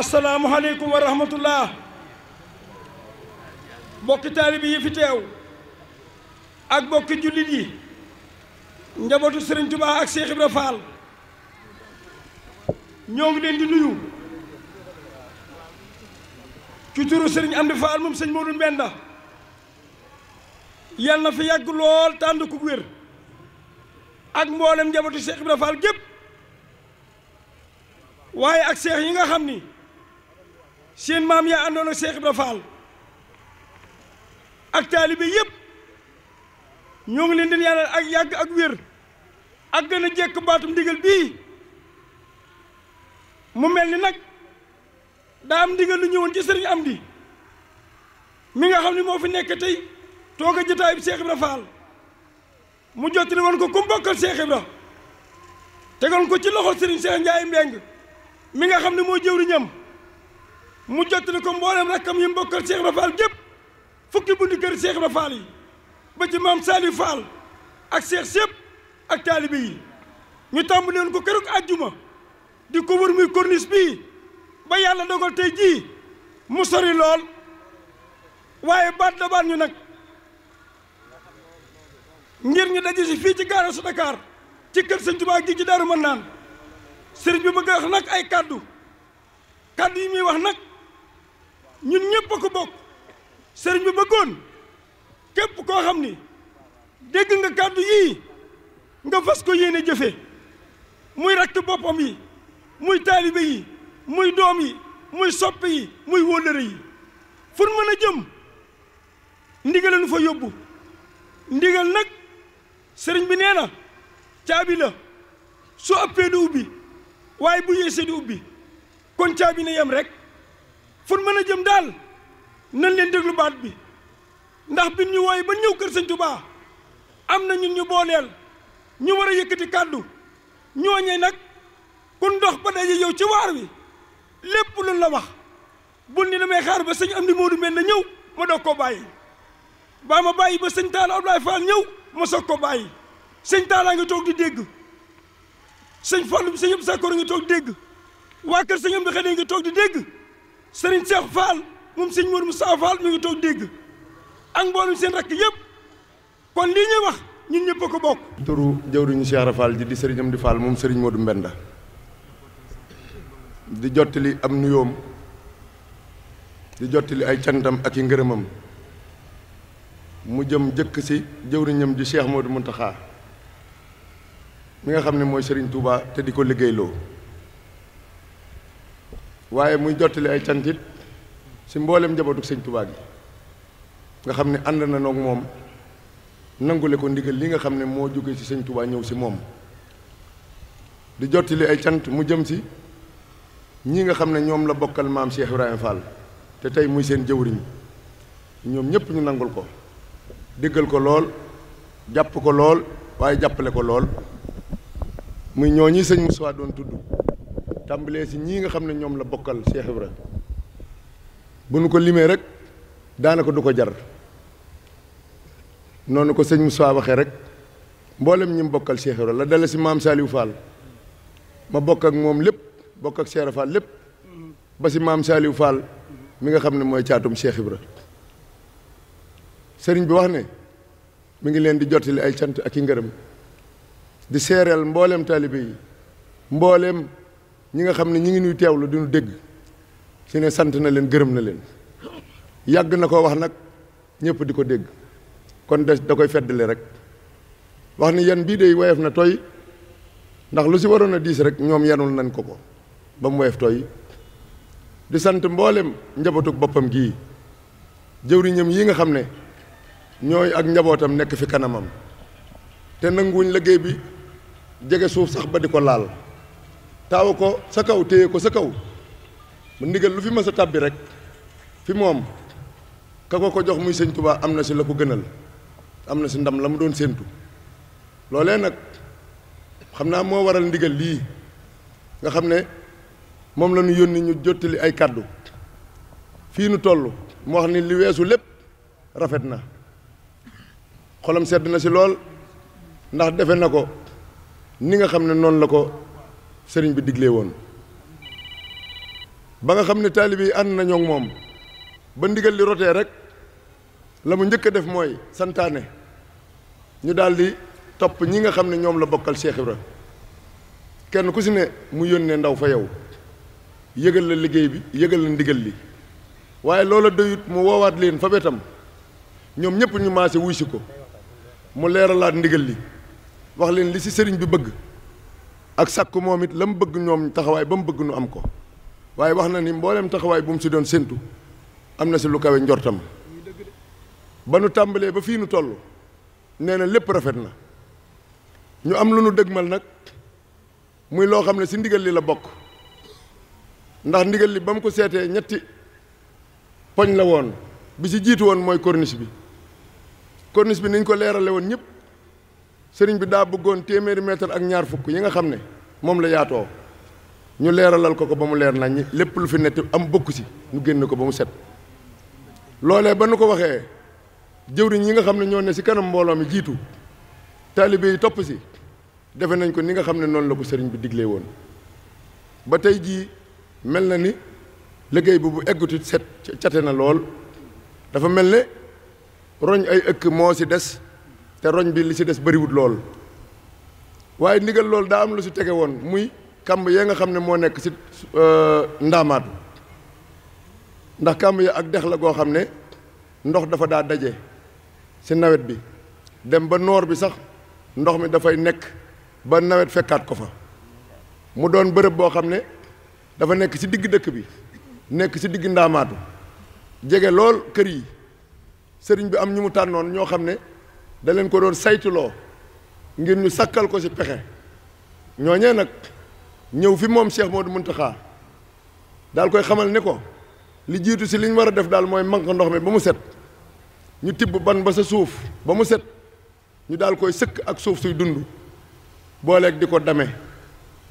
asalaamualeykum wa rahmatullah bokki taalibi yi fi teew ak bokki jullit yi njabootu Serigne Touba ak Cheikh Ibra Fall ñoo ngi leen di nuyu ci turu Serigne Amdi Fall moom sëñ Modou Mbenda yal na fi yàgg lool tànd ku wér ak mboolem njabootu Cheikh Ibra Fall gépp waaye ak seex yi nga xam ni seen maam yaa àndoon ak Cheikh Ibra Fall ak taalibe yépp ñoo ngi leen di ñaanal ak yàgg ak wér ak gën a jekk baatum ndigal bii mu mel ni nag daa am ndigal lu ñëwoon ci sëriñ am bi mi nga xam ne moo fi nekk tey toog a jotaay bi Cheikh Ibra mu jottali woon ko ku mbokkal Cheikh Ibra tegal ko ci loxo sëriñ Cheikh Ndiaye Mbeng mi nga xam ne moo jëwriñam mu jottali ko mboolem rakkam yi mbokkal Cheikh Ibra Fall gépp fukki bundi kër Cheikh Ibra Fall yi ba ci maam Saliou Fall ak Cheikh Sepp ak taalibe yi ñu tàmbali woon ko ak àjjuma di ko wër muy corniche bii ba yàlla dogal tey jii mu sori lool waaye baat da baat ñu nag ngir ñu daje si fii ci gaara su Dakar ci kër sëñ Tuubaa gi ci Daaru Manaan sëriñ bi bëgg a wax nag ay kàddu kàddu yi muy wax nag ñun ñëpp a ko bokk sëriñ bi bëggoon képp koo xam ni dégg nga kàddu yii nga fas ko yéene jëfe muy rakk boppam yi muy taalibe yi muy doom yi muy soppe yi muy wóllëre yi fun mën a jëm ndigal nu fa yóbbu ndigal nag sëriñ bi nee na caabi la su ëppee du ubbi waaye bu yeesee du ubbi kon caabi na yam rek fun mën a jëm daal nañ leen déglu baat bi ndax bi ñu wooye ba ñëw kër sëñ Tuubaa am na ñun ñu booleel ñu war a yëkkati kàddu ñooñee nag ku ndox ba daje yow ci waar wi lépp luñ la wax bul ni damay xaar ba sëñ am di Moodu mel na ñëw ma doog koo bàyyi baa ma bàyyi ba sëñ Talla Abdoulaye Fall ñëw ma soog ko bàyyi sëñ Talla nga toog di dégg sëñ Fallu bi sëñ Abdou Sakor nga toog di dégg waa kër sëñ am di Xadi nga toog di dégg sëriñ Cheikh Fall moom sëñ Modou Moustapha Fall mi ngi toog dégg ak mboolum seen rakk yëpp kon lii ñuy wax ñun ñëpp a ko bokk. turu jëwriñu Cheikh Ibra ji di sëriñam di Fall moom sëriñ Modou Mbenda di jottali am nuyoom di jottali ay cantam ak i ngërëmam mu jëm jëkk si jëwriñam ji Cheikh Modou Mountakha mi nga xam ne mooy sëriñ Touba te di ko liggéeyloo. waaye muy jottali ay cantit ci mboolem njabootu sëñ Tuubaa gi nga xam ni ànd na noog moom nangule ko ndigal li nga xam ne moo jóge ci sëñ Tuubaa ñëw si moom di jottali ay cant mu jëm ci ñi nga xam ne ñoom la bokkal maam Cheikh Ibrahima Fall te tey muy seen jëwriñ ñoom ñëpp ñu nangul ko déggal ko lool jàpp ko lool waaye jàppale ko lool muy ñi sëñ Moussa doon tudd tàmbalee si ñii nga xam ne ñoom la bokkal Cheikh Ibra bu nu ko limee rek daanaka du ko jar noonu ko sëñ mu saa waxe rek mboolem ñi mu bokkal Cheikh Ibra la dale si maam Saliou Fall ma bokk ak moom lépp bokk ak Cheikh Fall lépp ba si maam Saliou Fall mi nga xam ne mooy caatum Cheikh Ibra sëriñ bi wax ne mi ngi leen di jottali ay cant ak i ngërëm di seereel mbooleem taalibe yi mboolem. ñi nga xam ne ñi ngi nuy teew la nu dégg si ne sant na leen gërëm na leen yàgg na ko wax nag ñëpp di ko dégg kon des da koy feddali rek wax ne yan bii dey woyof na tooy ndax lu si waroon a diis rek ñoom yenul nañ ko ko ba mu woyof tooy di sant mboolem njabootug boppam gii jëwriñam yi nga xam ne ñooy ak njabootam nekk fi kanamam te nanguwuñ liggéey bi jege suuf sax ba di ko laal taaw ko sa kaw téye ko sa kaw mu ndigal lu fi mës a tàbbi rek fi moom ka ko ko jox muy sëñ Tuubaa am na si la ko gënal am na si ndam la mu doon séentu loolee nag xam naa moo waral ndigal lii nga xam ne moom la ñu yónni ñu jottali ay kàddu fii nu toll mu wax ni li weesu lépp rafet na xolam sedd na si lool ndax defe na ko ni nga xam ne noonu la ko sëriñ bi diglee woon ba nga xam ne taalibe yi ànd nañoo ak moom ba ndigal li rotee rek la mu njëkk a def mooy santaane ñu daldi topp ñi nga xam ne ñoom la bokkal Cheikh Ibra kenn ku si ne mu yónnee ndaw fa yow yëgal la liggéey bi yëgal la ndigal li waaye loola doyut mu woowaat leen fa wetam ñoom ñëpp ñu maase wuy si ko mu leeralaat ndigal li wax leen li si sëriñ bi bëgg ak sàkku moom it la mu bëgg ñoom taxawaay ba mu bëgg nu am ko waaye wax na ni mboolem taxawaay bu mu si doon séntu am na si lu kawe njortam ba nu tàmbalee ba fii nu toll nee na lépp rafet na ñu am lu nu dëgmal nag muy loo xam ne si ndigal li la bokk ndax ndigal li ba mu ko seetee ñetti poñ la woon bi si jiitu woon mooy corniche bi corniche bi niñ ko leerale woon ñëpp sëriñ bi daa bëggoon téeméeri mètre ak ñaar fukk yi nga xam ne moom la yaatoo ñu leeralal ko ko ba mu leer nañ lépp lu fi nett am bokku si ñu génn ko ba mu set loolee ba nu ko waxee jëwriñ yi nga xam ne ñoo ne si kanam mbooloo mi jiitu taalibe yi topp si defe nañ ko ni nga xam ne noonu la ko sëriñ bi diglee woon ba tey jii mel na ni liggéey bi bu egguti set cate na lool dafa mel ne roñ ay ëkk moo si des te roñ bi li si des bëriwut lool waaye ndigal loolu daa am lu ci tege woon muy kàmb yee nga xam ne moo nekk ci euh, ndaamaatu ndax kàmb yi ak dex la goo xam ne ndox dafa daa daje si nawet bi dem ba noor bi sax ndox mi dafay nekk ba nawet fekkaat ko fa mu doon bërëb boo xam ne dafa nekk ci digg dëkk bi nekk ci digg ndaamaatu jege lool kër yi sëriñ bi am ñu mu tànnoon ñoo xam ne daleen ko doon saytuloo ngir ñu sakkal ko ci pexe ñooñee nag ñëw fi moom du Modou xaar daal koy xamal ni ko li jiitu si li war a def daal mooy manque ndox mi ba mu set ñu tibb ban ba sa suuf ba mu set ñu daal koy sëkk ak suuf suy dund booleeg di ko dame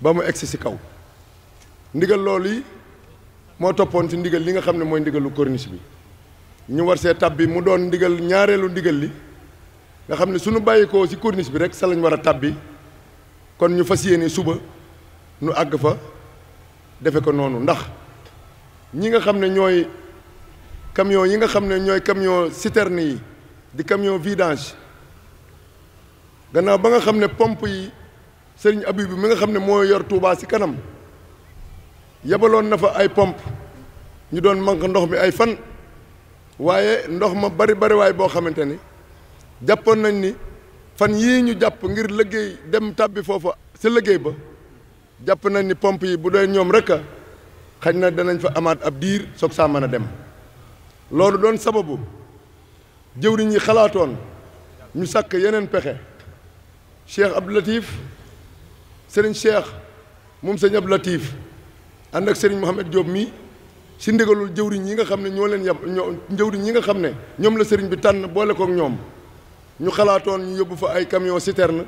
ba mu egsi ci kaw ndigal loolu yi moo toppoon ci ndigal li nga xam ne mooy ndigalu corniche bi ñu war see tab bi mu doon ndigal ñaareelu ndigal li nga xam ne suñu bàyyikoo ci corniche bi rek sa lañ war a tàbbi kon ñu fas yéene suba nu àgg fa defe ko noonu ndax ñi nga xam ne ñooy camion yi nga xam ne ñooy camion citerne yi di camion vidange gannaaw ba nga xam ne pompe yi sëriñ abi bi mi nga xam ne moo yor Touba si kanam yebaloon na fa ay pompe ñu doon manque ndox mi ay fan waaye ndox ma bari bari waay boo xamante ni jàppoon nañ ni fan yii ñu jàpp ngir liggéey dem tàbbi foofa si liggéey ba jàpp nañ ni pomp yi bu dee ñoom rek a na danañ fa amaat ab diir soog saa mën a dem loolu doon sababu jëwriñ yi xalaatoon ñu sàkk yeneen pexe Cheikh Abdou Latif sëriñ Cheikh moom sëriñ Abdou Latif ànd ak sëriñ Mouhamed Diop mii si ndigalul jëwriñ yi nga xam ne ñoo leen yab nga xam ne ñoom la sëriñ bi tànn boole kook ñoom ñu xalaatoon ñu yóbbu fa ay camion citerne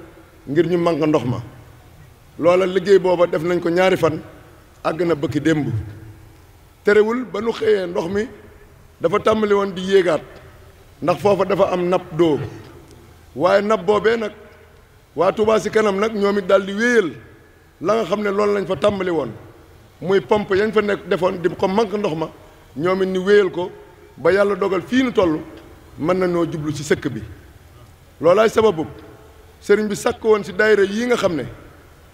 ngir ñu manque ndox ma loola liggéey booba def nañ ko ñaari fan àgg na bëkki démb terewul ba nu xëyee ndox mi dafa tàmbali woon di yéegaat ndax foofa dafa am napp doo waaye napp boobee nag waa Touba si kanam nag ñoom it daal di wéyal la nga xam ne loolu lañ fa tàmbali woon muy pomp yañ fa nekk defoon di ko manque ndox ma ñoom it ni wéyal ko ba yàlla dogal fii nu toll mën na nañoo jublu ci sëkk bi loolaay sababu sëriñ bi sàkk woon ci daayira yi nga xam ne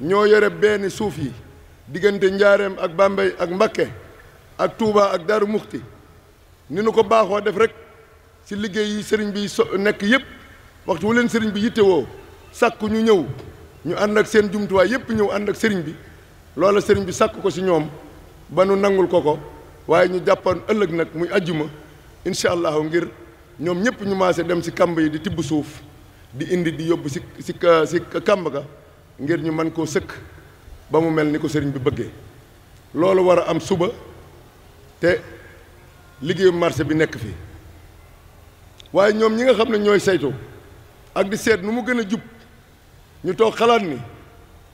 ñoo yore benn suuf yi diggante njaareem ak Bambey ak Mbakke ak Touba ak Daaru Muxti ni nu ko baaxoo def rek ci liggéey yi sëriñ bi so nekk yépp waxtu wu leen sëriñ bi yittewoo sàkk ñu ñëw ñu ànd ak seen jumtuwaay yépp ñëw ànd ak sëriñ bi loola sëriñ bi sàkk ko ci ñoom ba nu nangul ko ko waaye ñu jàppoon ëllëg nag muy ajjuma incha allahu ngir ñoom ñëpp ñu maase dem ci kamb yi di tibb suuf di indi di yóbbu si si si kàmb ga ngir ñu mën koo sëkk ba mu mel ni ko sëriñ bi bëggee loolu war a am suba te liggéeyu marché bi nekk fi waaye ñoom ñi nga xam ne ñooy saytu ak di seet nu mu gën a jub ñu toog xalaat ni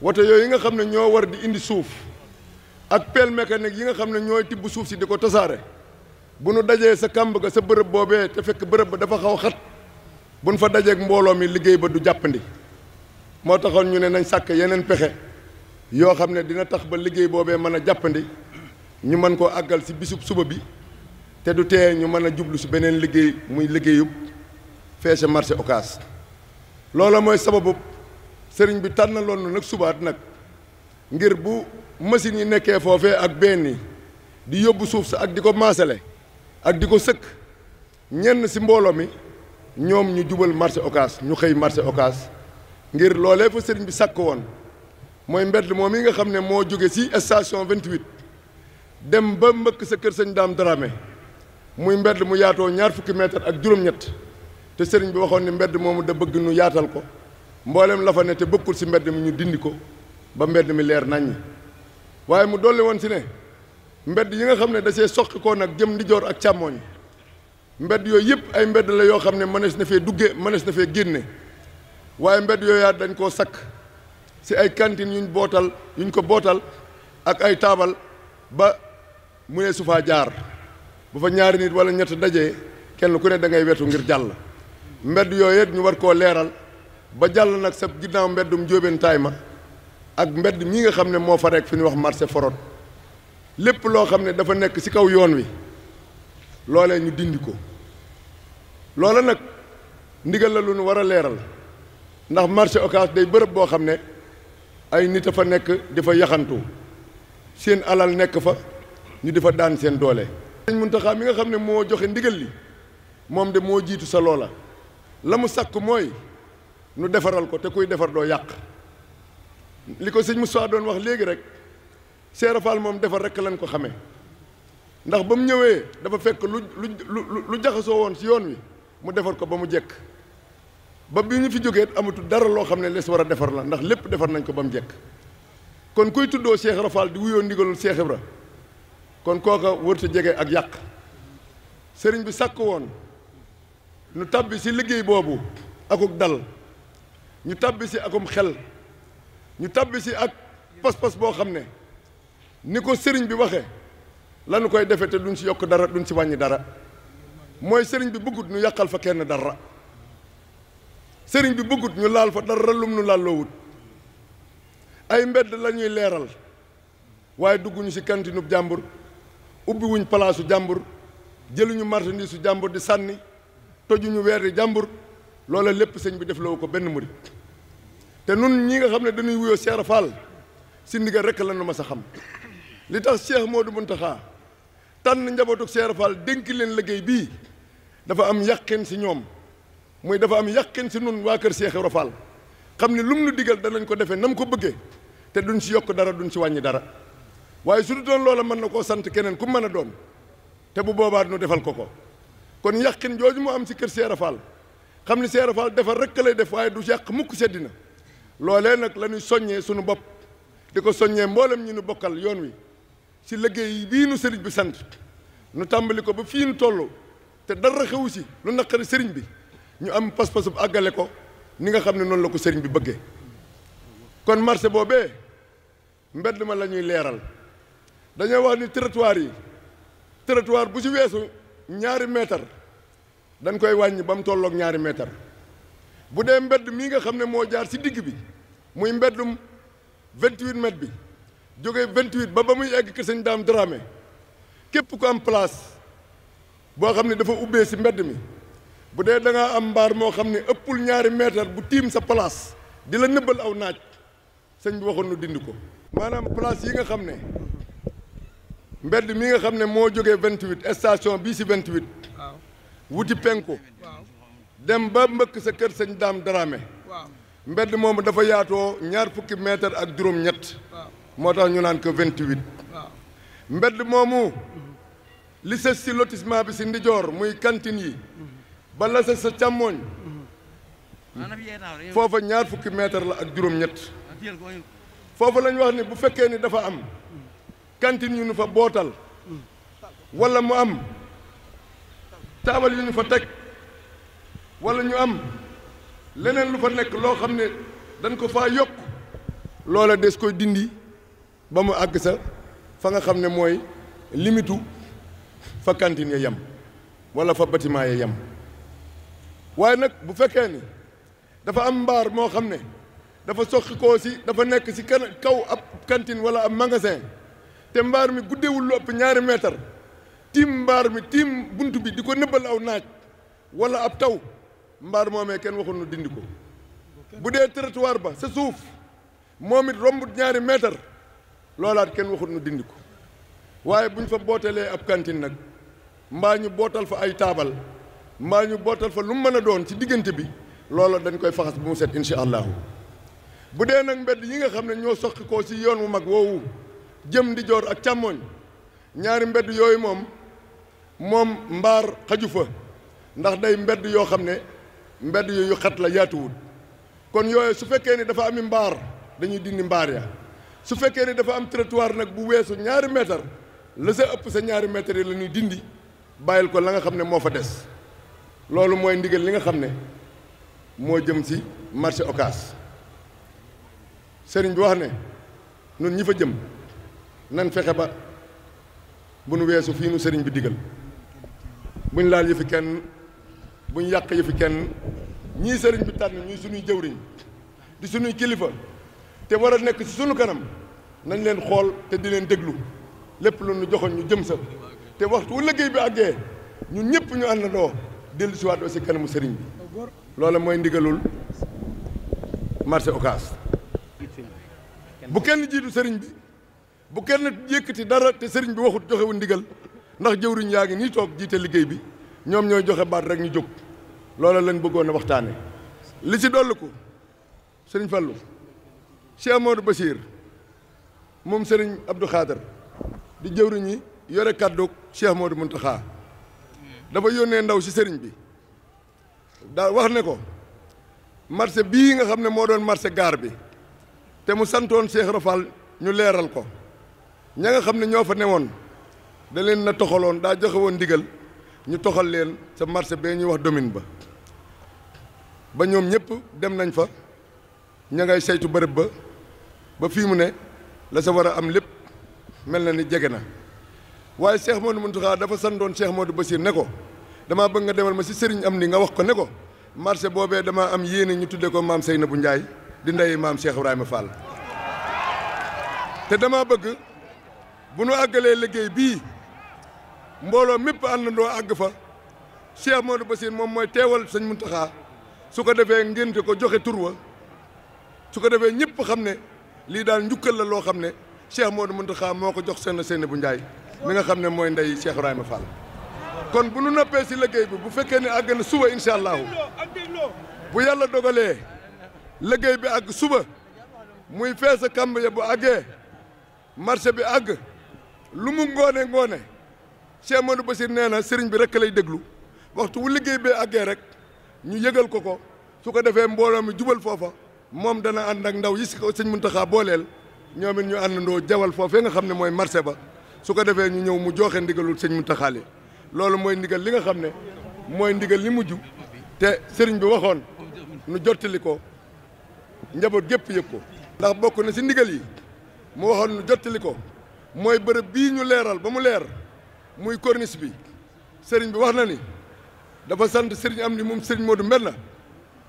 woto yooyu yi nga xam ne ñoo war di indi suuf ak pelle mécanique yi nga xam ne ñooy tibb suuf si di ko tasaare bu nu dajee sa kàmb ga sa bërëb boobee te fekk bërëb ba dafa xaw xat buñ fa dajeeg mbooloo mi liggéey ba du jàppandi moo taxoon ñu ne nañ sàkk yeneen pexe yoo xam ne dina tax ba liggéey boobee mën a jàppandi ñu mën koo àggal ci bisub suba bi te du tee ñu mën a jublu ci beneen liggéey muy liggéeyub feese marché Ocass loola mooy sababu sëriñ bi tànn na nag subaat nag ngir bu machine yi nekkee foofe ak benn yi di yóbbu suuf sa ak di ko maasale ak di ko sëkk ñenn si mbooloo mi ñoom ñu jubal marché ocas ñu xëy marché ocas ngir loolee fa sëriñ bi sàkk woon mooy mbedd moom yi nga xam ne moo jóge ci station 28 dem ba mbëkk sa kër sëñ Daam Dramé muy mbedd mu yaatoo ñaar fukki mètre ak juróom-ñett te sëriñ bi waxoon ni mbedd moomu da bëgg nu yaatal ko mboolem la fa ne te bokkul ci mbedd mi ñu dindi ko ba mbedd mi leer naññi waaye mu dolli woon ci ne mbedd yi nga xam ne da see soqi nag jëm ndijoor ak càmmooñ mbedd yooyu yëpp ay mbedd la yoo xam ne mënees na fee dugge mënees na fee génne waaye mbedd yooyu yooyaa dañ koo sakk si ay yu ñu bootal yuñ ko bootal ak ay taabal ba mu ne su faa jaar bu fa ñaari nit wala ñett ndaje kenn ku ne da ngay wetu ngir jàll mbedd yooyu it ñu war koo leeral ba jàll nag sa ginnaaw mbeddum jóobentaay ma ak mbedd mii nga xam ne moo fa rek fi ñuy wax marché forot lépp loo xam ne dafa nekk si kaw yoon wi loole ñu dindi ko loola nag ndigal la lu nu war a leeral ndax marché occas day bërëb boo xam ne ay nit a fa nekk di fa yaxantu seen alal nekk fa ñu di fa daan seen doole. sëñ Muntaxa mi nga xam ne moo joxe ndigal li moom de moo jiitu sa loola la mu sàkk mooy nu defaral ko te kuy defar doo yàq li ko sëñ Moussa doon wax léegi rek Seera Fall moom defar rekk lañ ko xame ndax ba mu ñëwee dafa fekk lu lu lu jaxasoo woon ci yoon wi mu defar ko ba mu jekk ba bi ñu fi jógee amatul dara loo xam ne les war a defar la ndax lépp defar nañ ko ba mu jekk kon kuy tuddoo Cheikh Ibra Fall di wuyoo ndigalul Cheikh Ibra kon kooka wërta jege ak yàq sëriñ bi sàkk woon ñu tàbbi si liggéey boobu akuk dal ñu tàbbi ci akum xel ñu tàbbi si ak pas-pas boo xam ne ni ko sëriñ bi waxe lanu koy defee te duñ si yokk dara duñ si wàññi dara mooy sëriñ bi bëggut ñu yàqal fa kenn dara sëriñ bi bëggut ñu laal fa dara lum nu laalloowut ay mbedd la ñuy leeral waaye dugguñu si kantinu jàmbur ubbiwuñ palaasu jàmbur jëluñu marchandise su jàmbur di sànni tojuñu weer di jàmbur loola lépp sëñ bi def lawu ko benn murit te nun ñi nga xam ne dañuy wuyoo Cheikh Fall si ndigal rekk la nu ma sa xam li tax Cheikh Modou Mountakha tànn njabootu Cheikh Fall dénk leen liggéey bii dafa am yàqin si ñoom mooy dafa am yàqin si nun waa kër Cheikh Fall xam ne lum nu digal danañ ko defee nam ko bëggee te duñ si yokk dara duñ si wàññi dara waaye su du doon loola mën na koo sant keneen ku mën a doon te bu boobaa nu defal ko ko kon yàqin jooju mu am si kër Cheikh Fall xam ne Cheikh Fall defal rek lay def waaye du yàq mukk seddi na loolee nag la ñuy soññee sunu bopp di ko soññee mboolem ñi nu bokkal yoon wi. ci liggéey bii nu sëriñ bi sant nu tàmbali ko ba fii nu toll te dara xewu si lu naqari sëriñ bi ñu am pas bu àggale ko ni nga xam ne noonu la ko sëriñ bi bëggee kon marché boobee mbedd ma lañuy leeral dañoo wax ni territoire yi territoire bu ci weesu ñaari meetar dañ koy wàññi ba mu tollook ñaari meetar bu dee mbedd mii nga xam ne moo jaar si digg bi muy mbeddum vingt-huit bi jógee 28 ba ba muy egg kër sañ daam Dramé képp ku am place boo xam ne dafa ubbee si mbedd mi bu dee da ngaa am mbaar moo xam ne ëppul ñaari mètre bu tiim sa place di la nëbbal aw naaj sëñ bi waxoon nu dindi ko. maanaam place yi nga xam ne mbedd mi nga xam ne moo jógee 28 station bii si 28 wuti penku dem ba mbëkk sa kër sëñ Dame Dramé mbedd moomu dafa yaatoo ñaar fukki mètre ak juróom-ñett. moo tax ñu naan ko 28. mbedd moomu li sës si bi si ndijoor muy cantine yi ba la sës sa càmmooñ foofa ñaar fukki mètre la ak juróom-ñett ah, foofa lañ wax ni bu fekkee ni dafa am cantine yu ñu fa bootal wala mu am taabal yu ñu fa teg wala ñu am leneen lu fa nekk loo xam ne dañ ko faa yokk loola des koy dindi ba mu àgg sa fa nga xam ne mooy limitu fa cantine ya yem wala fa bâtiment ya yem waaye nag bu fekkee ni dafa am mbaar moo xam ne dafa soqi ko si dafa nekk si kan kaw ab cantine wala ab magasin te mbaar mi guddewul lu ñaari mètre tiim mbaar mi tiim bunt bi di ko nëbbal aw naaj wala ab taw mbaar moomee kenn waxul nu dindi ko bu dee territoire ba sa suuf moom it romb ñaari mètre loolaat kenn waxut nu dindi ko waaye bu ñu fa bootelee ab cantine nag mbaa ñu bootal fa ay taabal mbaa ñu bootal fa lu mu mën a doon ci diggante bi loola dañ koy faxas bu mu set incha allahu bu dee nag mbedd yi nga xam ne ñoo soqi koo ci yoon wu mag woowu jëm ndijoor ak càmmooñ ñaari mbedd yooyu moom moom mbaar xaju fa ndax day mbedd yoo xam ne mbedd yooyu xat la yaatuwut kon yooyu su fekkee ni dafa ami mbaar dañuy dindi mbaar ya su fekkee ne dafa am trottoir nag bu weesu ñaari mètre la sa ëpp sa ñaari mètre yi la ñuy dindi bàyyil ko la nga xam ne moo fa des loolu mooy ndigal li nga xam ne moo jëm ci marché Ocass sëriñ bi wax ne nun ñi fa jëm nan fexe ba bu nu weesu fii nu sëriñ bi digal buñ laal yëfi kenn buñ yàq yëfi kenn ñii sëriñ bi tànn ñuy suñuy jëwriñ di suñuy kilifa te war a nekk ci sunu kanam nañ leen xool te di leen déglu lépp lu nu joxoon ñu jëm sa te waxtu liggéey bi àggee ñun ñëpp ñu àndandoo dellu si waat aussi kanamu sëriñ bi loola mooy ndigalul marché okaas bu kenn jiitu sëriñ bi bu kenn yëkkati dara te sëriñ bi waxut joxewu ndigal ndax jëwriñ yaa ngi nii toog jiite liggéey bi ñoom ñooy joxe baat rek ñu jóg loola lañ bëggoon a waxtaane li ci dolliku sëriñ Fallou Cheikh Amadou Bachir moom sëriñ Abdou Khader di jëwriñ yi yore kàddu Cheikh Amadou Mountakha dafa yónnee ndaw si Serigne bi daa wax ne ko marché bii nga xam ne moo doon marché gaar bi te mu santoon Cheikh Rafal ñu leeral ko ña nga xam ne ñoo fa newoon da leen na toxaloon daa joxe woon ndigal ñu toxal leen sa marché bee ñuy wax domine ba ba ñoom ñëpp dem nañ fa ña ngay seytu bërëb ba ba fii mu ne la sa war a am lépp mel na ni jege na waaye Cheikh Modou Mountakha dafa doon santoon moo Modou Bachir ne ko damaa bëgg nga demal ma si sëriñ am ni nga wax ko ne ko marché boobee damaa am yéene ñu tuddee ko maam Seynabou Ndiaye di ndey maam Cheikh Ibrahima Fall te damaa bëgg bu nu àggalee liggéey bii mbooloo mépp àndandoo àgg fa Cheikh Modou Bassir moom mooy teewal sëñ Mountakha su ko defee ngénte ko joxe turwa su ko defee ñëpp xam ne lii daal njukkal la loo xam ne Cheikh mënta Mountakha moo ko jox seen seen bu Ndiaye mi nga xam ne mooy ndey Cheikh Ibrahima Fall. kon bu nu nappee si liggéey bi bu fekkee ne àgg na suba incha allahu bu yàlla dogalee liggéey bi àgg suba muy fees a ya bu àggee marché bi àgg lu mu ngoone ngoone Cheikh Modou Bassir nee na sëriñ bi rek lay déglu waxtu wu liggéey bee àggee rek ñu yëgal ko ko su ko defee mbooloo mi jubal foofa. moom dana ànd ak ndaw yi si ko sëñ Muntaxa booleel ñoom it ñu àndandoo jawal foofee nga xam ne mooy marché ba su ko defee ñu ñëw mu joxe ndigalul sëñ mu li loolu mooy ndigal li nga xam ne mooy ndigal li mujj te sëriñ bi waxoon nu jottali ko njaboot gépp yëg ko ndax bokk na si ndigal yi mu waxoon nu jottali ko mooy bërëb bii ñu leeral ba mu leer muy corniche bi sëriñ bi wax na ni dafa sant sëriñ am ni moom moo Modou Mbenn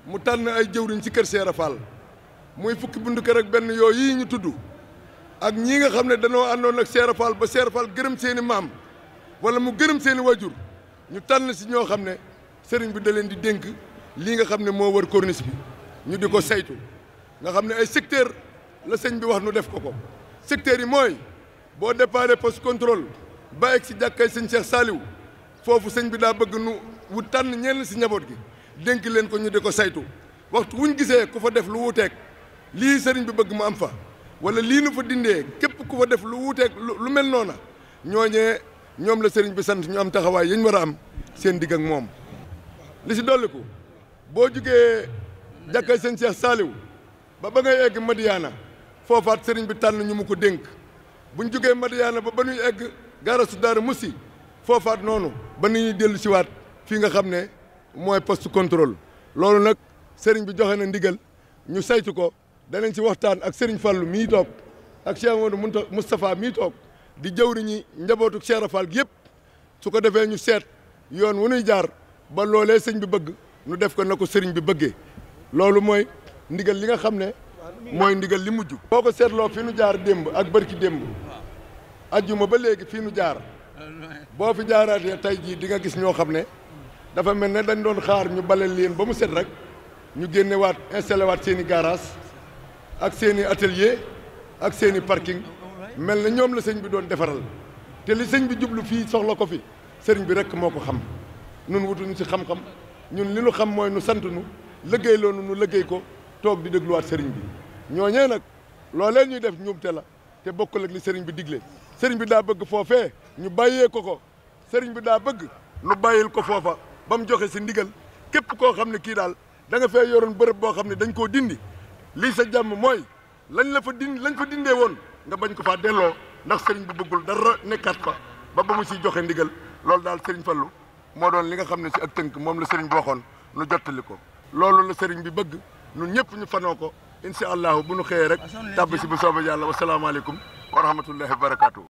mu tànn ay jëwriñ ci kër Seera Fall muy fukki buntu kër ak benn yooyu yi ñu tudd ak ñi nga xam ne danoo àndoon ak Seera Fall ba Seera gërëm seeni maam wala mu gërëm seeni waajur ñu tànn si ñoo xam ne sëriñ bi da leen di dénk lii nga xam ne moo war corniche bi ñu di ko saytu nga xam ne ay secteur la sëñ bi wax nu def ko ko secteurs yi mooy boo déparé poste contrôle ba egg si jàkkaay sëñ Cheikh Saliou foofu sëñ bi daa bëgg nu wu tànn ñenn si njaboot gi dénk leen ko ñu di ko saytu waxtu wuñ gisee ku fa def lu wuuteeg lii sëriñ bi bëgg mu am fa wala lii nu fa dindee képp ku fa def lu wuuteeg lu mel noona ñooñee ñoom la sëriñ bi sant ñu am taxawaay yañ war a am seen digg ak moom li si dolliku boo jugee jàkkay sëñ Cheikh Saliou ba ba ngay egg Madiana foofaat sëriñ bi tànn ñu mu ko dénk buñ jugee Madiana ba ba ñuy egg gaara su Daaru Musi foofaat noonu ba nu ñuy dellu siwaat fii nga xam ne mooy poste contrôle loolu nag sëriñ bi joxe na ndigal ñu saytu ko danañ si waxtaan ak Serigne Fallou mii toog ak Cheikh Amadou Moustapha mii toog di jëwriñi njabootu Cheikh Fall gi yëpp su ko defee ñu seet yoon wu nuy jaar ba loolee sëñ bi bëgg nu def ko na ko sëriñ bi bëggee loolu mooy ndigal li nga xam ne mooy ndigal li mujj. boo ko seetloo fi nu jaar démb ak bërki démb ajjuma ba léegi fii nu jaar boo fi jaaraatee tey jii di nga gis ñoo xam ne dafa mel ne dañ doon xaar ñu balal leen ba mu set rek ñu génnewaat installé waat seen i ak seen i atelier ak seeni i parking na ñoom la sëñ bi doon defaral te li sëñ bi jublu fii soxla ko fi sëriñ bi rek moo ko xam nun wutuñu si xam-xam ñun li nu xam mooy nu sant nu liggéey loonu nu liggéey ko toog di dégluwaat sëriñ bi ñooñee nag loolee ñuy def njuumte la te bokkul ak li sëriñ bi diglee sëriñ bi daa bëgg foofee ñu bàyyee ko ko sëriñ bi daa bëgg nu bàyyil ko foofa ba mu joxe si ndigal képp koo xam ne kii daal da nga fee yoroon bërëb boo xam ne dañ koo dindi lii sa jàmm mooy lañ la fa din lañ fa dindee woon nga bañ ko faa delloo ndax sëriñ bu bëggul dara nekkaat fa ba ba mu siy joxe ndigal loolu daal sëriñ Fallu moo doon li nga xam ne si ak tënk moom la sëriñ bi waxoon nu jottali ko loolu la sëriñ bi bëgg ñun ñëpp ñu fanoo ko incha allahu bu nu xëyee rek tàbb si bu soobee yàlla wasalaamaaleykum wa rahmatullahi wa barakaatu.